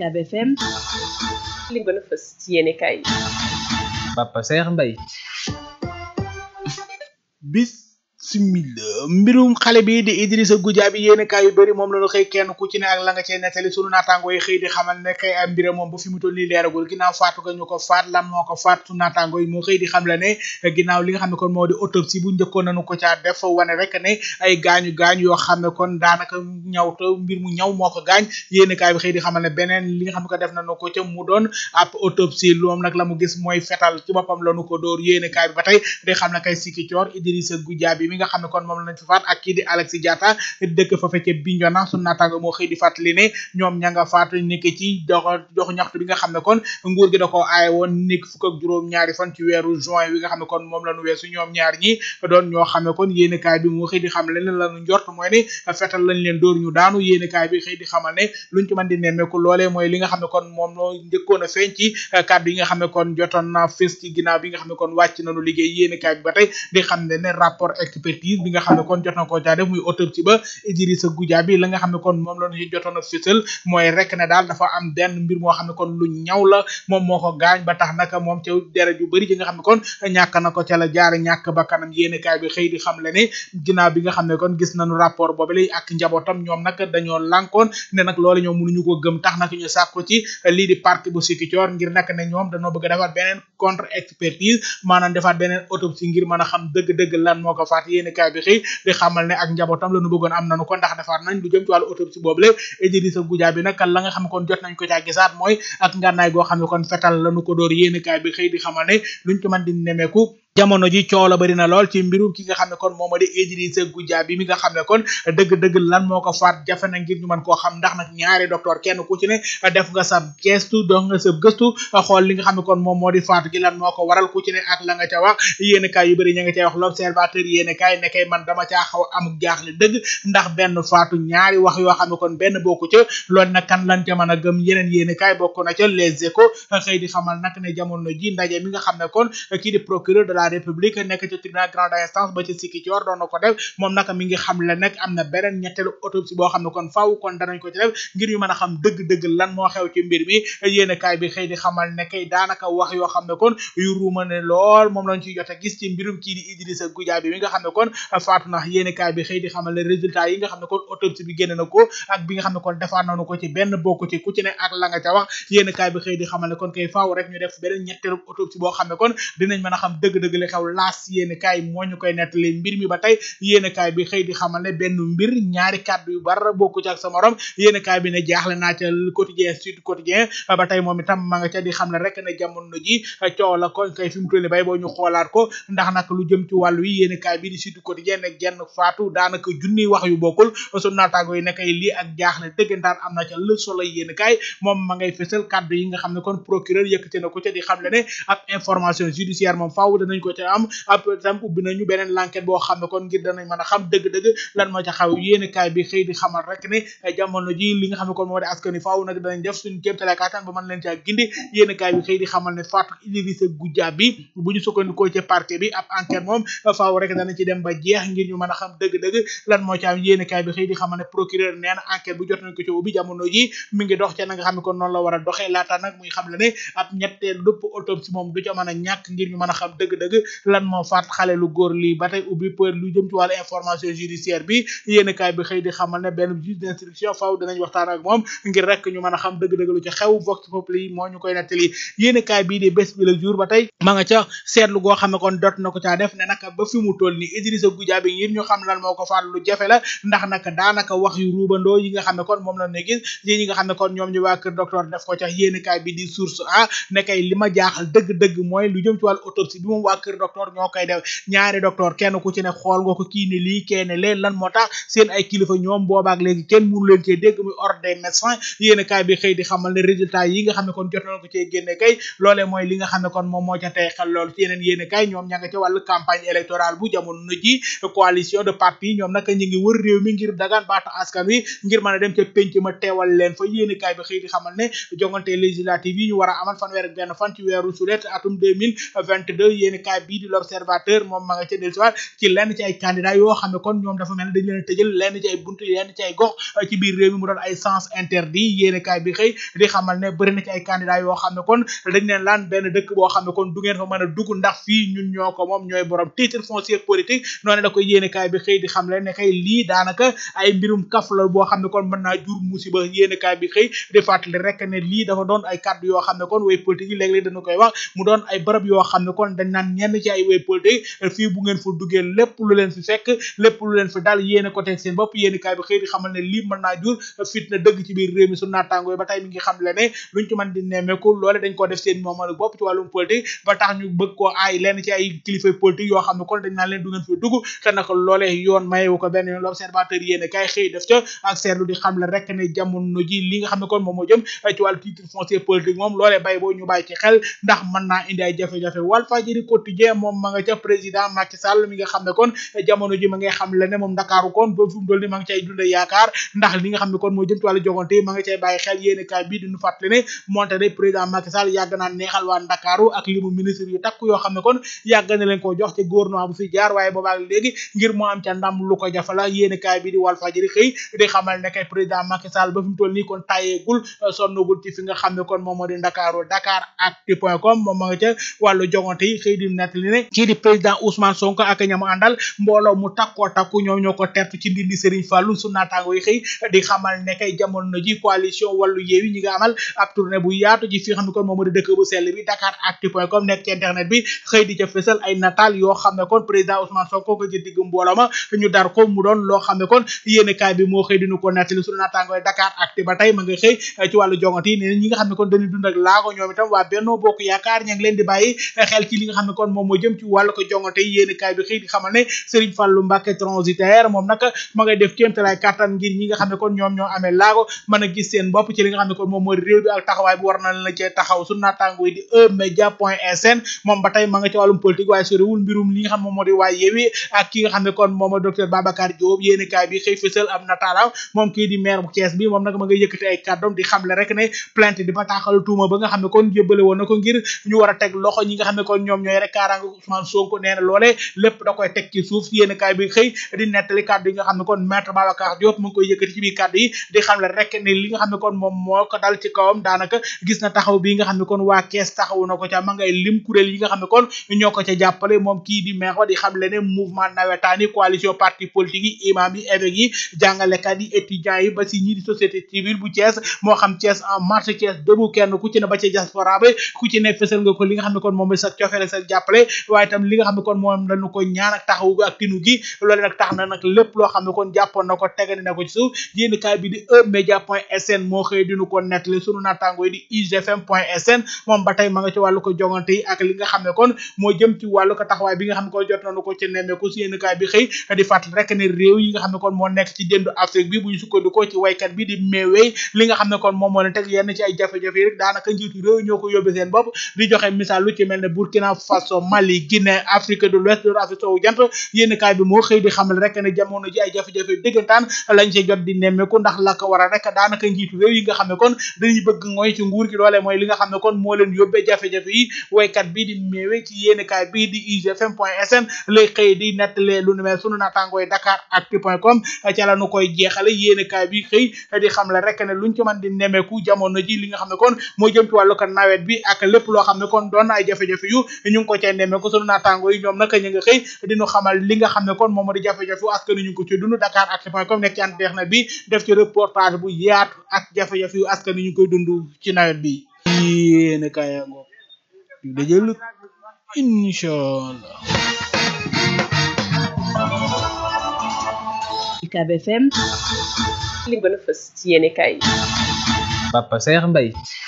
Ucab FM. li gën fës ci yéene Papa Saer Mbaye. simila mbirum xale bi di Idrissa Goudiaby yéen kaay yu bëri moom la xëy kenn ku ci ne ak la nga cee nettali sunu naataango yi xëy di xamal ne kay am mbira moom ba fi mu xam ne moo di bu njëkkoon nañu ko caa def wane rek gaañu gaañ yoo xam ne kon daanaka ñaw te mbir mu ñaw moo ko gaañ yéen kaay bi xëy di xamal ne beneen li nga xam ne ko def nañu ko ca mu doon ab autopsie loom nag la mu gis mooy fetal ci boppam lañu ko door yéen kaay bi ba tey di xam ne kay sikki coor Idrissa Goudiaby nga xam ne kon moom lañ fa faat ak kii di Alexis Diatta da koo aaye woon nekk fukk ak juróom ñaari fan la ñu weesu ñoom ñaar ñi doon ñoo njort mooy ne fetal lañ leen dóor ñu daanu yéenekaay bi xëy xamal ne luñ ci mën di nemmeeku mooy li nga xam ne kon moom loo njëkkoon a feeñ ci eh, kàddu yi nga xam ne kon jotoon na ci ginnaaw bi nga xam kon wàcc nañu liggéey yéenekaay bi ba tey di xam ne ne rapport équipe expertise bi nga xam ne kon jot na ko caa def muy autopsie ba Idrissa Goudiaby la nga xam ne kon moom la ñu jotoon a fësal mooy rek ne daal dafa am benn mbir moo xam ne lu ñaw la moom moo ko gaañ ba tax naka moom ca deret yu bëri ci nga xam ne la jaar ba kanam yéeni kaay bi xëy di xam le ne ginnaaw bi nga xam ne kon gis nañu rapport boobale ak njabootam ñoom nag dañoo lànkoon ne nag loolu ñoom mënuñu ko gëm tax nag ñu sàkku ci lii di parti bu Sikicoor ngir nag ne ñoom dañoo bëgg a beneen contre expertise maanaam defaat beneen autopsie ngir mën a yéenekaay bi xëy di xamal ne ak njabootam la nu bëggoon am nanu ko ndax defar nañ lu jëm ci wàllu le Idrissa Goudiaby nag la nga xam kon jot nañ ko caa gisaat mooy ak ngànnaay goo xam kon fetal la nu ko dóor yéenekaay bi di xamal ne luñ ci mën di jamono ji coow la bari na lool ci mbirum ki nga xam ne kon moom moo di Idrissa Goudiaby mi nga xam kon dëgg-dëgg lan moo ko faat jafe na ngir ñu mën koo xam ndax nag ñaari kenn ku ci ne def nga sa gestu dox nga xool li nga xam ne kon moom moo di faatu gi lan moo ko waral ku ci ne ak la nga ca wax yéen kaay yu bari ña nga cay wax l'observateur yéen kaay ne kay man dama caa xaw am jaaxle dëgg ndax benn faatu ñaari wax yoo xam ne kon benn bokku ca loolu nag kan lan ca mën a gëm yeneen yéen kaay bokk na ca les échos xëy di xamal nag ne jamono ji ndaje mi nga xam ne kon kii di procureur la république nekk ci tribunal grande instance ba ci Sikicoor doon na ko def moom naka mi xam le am na beneen ñetteelu autopsie xam ne kon faaw kon danañ def ngir ñu mën a xam ne kon yu a gis ci na yéen ko ci benn bokk ci ku ne ak la a ca wax yéen kaay bi xëy di xamal ne kon kay faaw rek ñu def beneen ñetteelu autopsie boo xam ne kon dinañ mën a xam dëgg-dëgg dëgg li xew laas yéen kaay moo ñu koy nettali mbir mi ba tey yéen kaay bi xëy di xamal ne benn mbir ñaari kàddu yu bar bokku ci ak sa morom yéen kaay bi ne jaaxle naa ca quotidien sud quotidien ba tey moom itam ma nga ca di xam ne rek ne jamono ji la koñ kay fi mu toll bay boo ñu ko ndax nag lu jëm ci wàllu yi yéen kaay bi di sud quotidien ne genn faatu daanaka junniy wax yu bokkul su naataango yi nekkay lii ak jaaxle dëggantaan am na ca le soleil yéen kaay moom ma ngay fësal kàddu yi nga xam ne kon procureur yëkkati na ko ca di xam le ne ab information judiciaire moom faaw danañ dinañ ko ca am après tam ubbi nañu beneen a xam lan moo ca xaw eh, bi xëy di xamal ne jamono ji li bi eh, a jot nañ ko ci ubbi jamono dox ca na nga xam la war a doxee laata nag muy xam la ne ab ñetteel dëpp autopsie moom du ca mën a ñàkk ngir ñu mën a xam dëgg-dëgg dëgg lan moo faat xale lu góor lii ba tey ubbi për lu jëm ci wàllu information judiciaire bi yéen kaay bi xëy di xamal ne benn juge d'instruction faaw danañ waxtaan ak a bi la jour ba tey ma nga ca seetlu goo xam kon dot na ko caa def ne naka ba fi mu toll ni Idrissa Goudiaby ngir ñu xam lan moo ko faat lu jafe la ndax naka daanaka wax yu ruubandoo yi nga xam kon moom la ne gis yi nga xam kon ñoom ñu waa kër docteur def ko ca yéen kaay bi di source a ne kay li ma jaaxal dëgg-dëgg mooy lu jëm ci wàllu autopsie waa kër docteur ñoo koy def ñaari docteur kenn ku ci ne xool nga ko kii ne lii kenn leen lan moo tax seen ay kilifa ñoom boobaak léegi kenn mënu leen cee dégg muy ordre des médecins yi ñu ngi wër réew mi ngir dagaan baatu askan wi ngir mën a dem ca penc ma teewal leen fa yéen kaay bi xëy di xamal ne jongante législative yi ñu war a amal fanweer ak benn fan ci weeru sulet atum 2022 yéen yéenekaay bii di l'observateur moom ma nga ca dellusiwaat ci lenn ci ay candidat yoo xam ne kon ñoom dafa mel ne dañ leen tëjal lenn euh, bi xëy di xamal ne boo xam ne kon du ngeen fa mën a dugg ndax fii ko moom ñooy borom titre foncier politique noonu la ko yéenekaay xam leen ne xëy lii daanaka ay mbirum kaf boo xam ne kon mën naa jur musiba yéenekaay bi xëy di fàttali rek ne lii dafa doon ay kàddu yoo xam ne kon way politique yi léeg doon ay barab yoo xam kon dañ naan ñenn ci ay way politique fii bu ngeen fa duggee lépp lu leen fi fekk lépp lu ko teg seen ba tey mi ngi xam le ne luñ ci mën di nemmeeku loole dañ ko def seen moomalu bopp ci wàllum ba tax ñu bëgg koo yoo xam ne kon dañ naan leen du ngeen fi dugg te nag loole yoon mayewu ko benn yoon l'observateur yéen kaay xëy def ca ak seetlu di xam le rek ne jamono ji li nga xam ne kon moom moo jëm ci wàllu titre foncier politique moom loolee bay boo ñu bàyyi ci xel ndax mën naa indi ay jafe-jafe Walfadjri quotidien moom ma nga ca président Macky Sall mi nga kon jamono ji ma ngay xam moom Ndakaaru kon ba fu mu ni nga cay kon moom moo ca wàllu jogante yi di lim nettali ne kii di président Ousmane Sonko ak ñamu àndal mbooloo mu takkoo takku ñoom ñoo ko tertu ci ndindi Serigne Fallou su internet bi xëy di ca fésal ay nataal yoo xam kon président Ousmane Sonko ko ci digg mbooloo ma ñu dar ko mu doon loo xam kon yéen kaay bi moo xëy dinu ko nettali su naataango yi Dakar ba tey ma nga xëy ci wàllu jongante ñi nga xam kon dañuy dund ak laago ñoom itam waa Benno Bokk Yaakaar ña leen di bàyyi xel ci li nga xam kon moom moo jëm ci wàllu ko jongante yéen kaay bi xëy di ne Serigne Fallou Mbacké transitaire moom nag ma def kéemtalaay kàttan ngir ñi a e ngir a ñi nga xam kon ñoom ñooy rek kaaraange Ousmane Sonko nee na lépp da koy teg ci suuf yéen kaay bi xëy di nettali kàddu yi nga xam ne kon maître Babacar moom ko dal ci kawam daanaka na taxaw bi nga xam ne kon waa kees taxawu ko ca ma ngay yi nga xam ne kon ñoo ko ca jàppale moom kii di ba si ñi di société civile bu Thiès moo sa cofeele sa jàpp jàppale waaye itam li nga xam ne kon moom dañu ko ñaan ak taxawu ak tinu gi loolu nag tax na nag lépp loo xam kon jàppoon na ko tegani moo xëy dinu ko ne kon ko bi nga xam ne kon jot nañu ko ci nemmeeku si yéen kaay bi xëy di kon moo moom moo leen teg yenn ci ay jafe-jafe yi daanaka njiitu réew ñoo ko yóbbe seen bopp di joxe misaal lu ci mel ne Burkina Faso Faso Mali Guinée Afrique de l'Ouest loolu Afrique soowu jant yéen kaay bi moo xëy di xamal rek ne jamono ji ay jafe-jafe dëggantaan lañ ca jot di nemmeeku ndax la ko war a daanaka njiitu réew yi nga xam ne kon dañuy bëgg mooy ci nguur gi loolee mooy li nga xam ne kon moo leen yóbbee jafe-jafe yi waykat bii di méewe ci yéen kaay bii di iGFM point sn lay xëy di nettalee lu nu mel sunu naataangooy Dakaractu point com ca la nu koy jeexale yéen kaay bi xëy di xam la rek ne luñ ci mën di nemmeeku jamono ji li nga xam ne kon moo jëm ci wàllu ko nawet bi ak lépp loo xam ne kon doon ay jafe-jafe yu ñu cay nemmeeku sunu naataango yi ñoom naka ñu nga xëy dinu xamal li nga xam ne kon moom moo di jafe-jafe askan wi ñu ngi ko ci dund Dakar Actu point com nekk bi def ci reportage bu yaatu ak jafe-jafe askan wi ñu koy dund ci nawet bi yéen kaay ngoog dajël inchallah UCAB FM li gën a fës Papa Saer Mbaye